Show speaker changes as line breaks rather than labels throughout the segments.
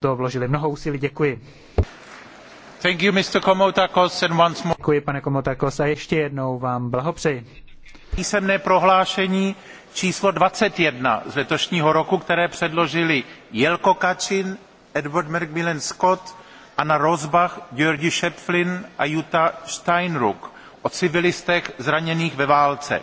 to vložili mnoho úsilí. Děkuji. Thank
you, Mr. Komotakos, and once more. Děkuji, pane
Komotakos, a ještě jednou vám blahopřeji.
Písemné prohlášení číslo 21 z letošního roku, které předložili Jelko Kačin, Edward McMillan Scott, Anna Rosbach, Georgi Schöpflin a Jutta Steinruck o civilistech zraněných ve válce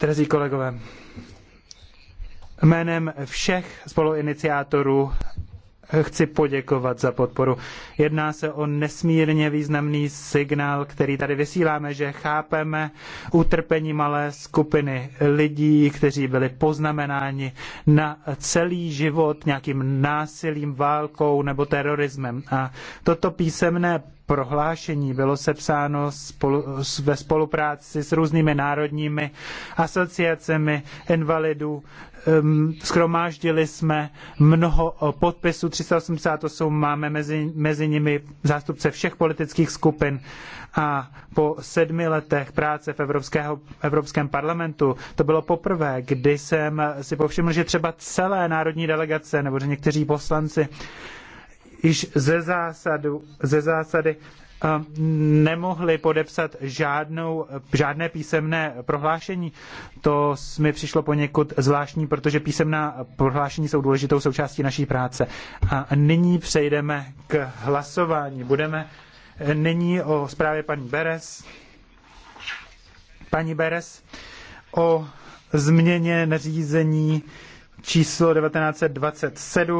Drazí kolegové, jménem všech spoluiniciátorů chci poděkovat za podporu. Jedná se o nesmírně významný signál, který tady vysíláme, že chápeme utrpení malé skupiny lidí, kteří byli poznamenáni na celý život nějakým násilím, válkou nebo terorismem. A toto písemné prohlášení bylo sepsáno spolu, ve spolupráci s různými národními asociacemi invalidů. Um, jsme mnoho podpisů, 388 máme mezi, mezi nimi zástupce všech politických skupin a po sedmi letech práce v Evropského, Evropském parlamentu to bylo poprvé, kdy jsem si povšiml, že třeba celé národní delegace nebo že někteří poslanci již ze, zásadu, ze zásady ehm, nemohli podepsat žádnou, žádné písemné prohlášení. To mi přišlo poněkud zvláštní, protože písemná prohlášení jsou důležitou součástí naší práce. A nyní přejdeme k hlasování. Budeme eh, nyní o zprávě paní Beres. Paní Beres o změně nařízení číslo 1927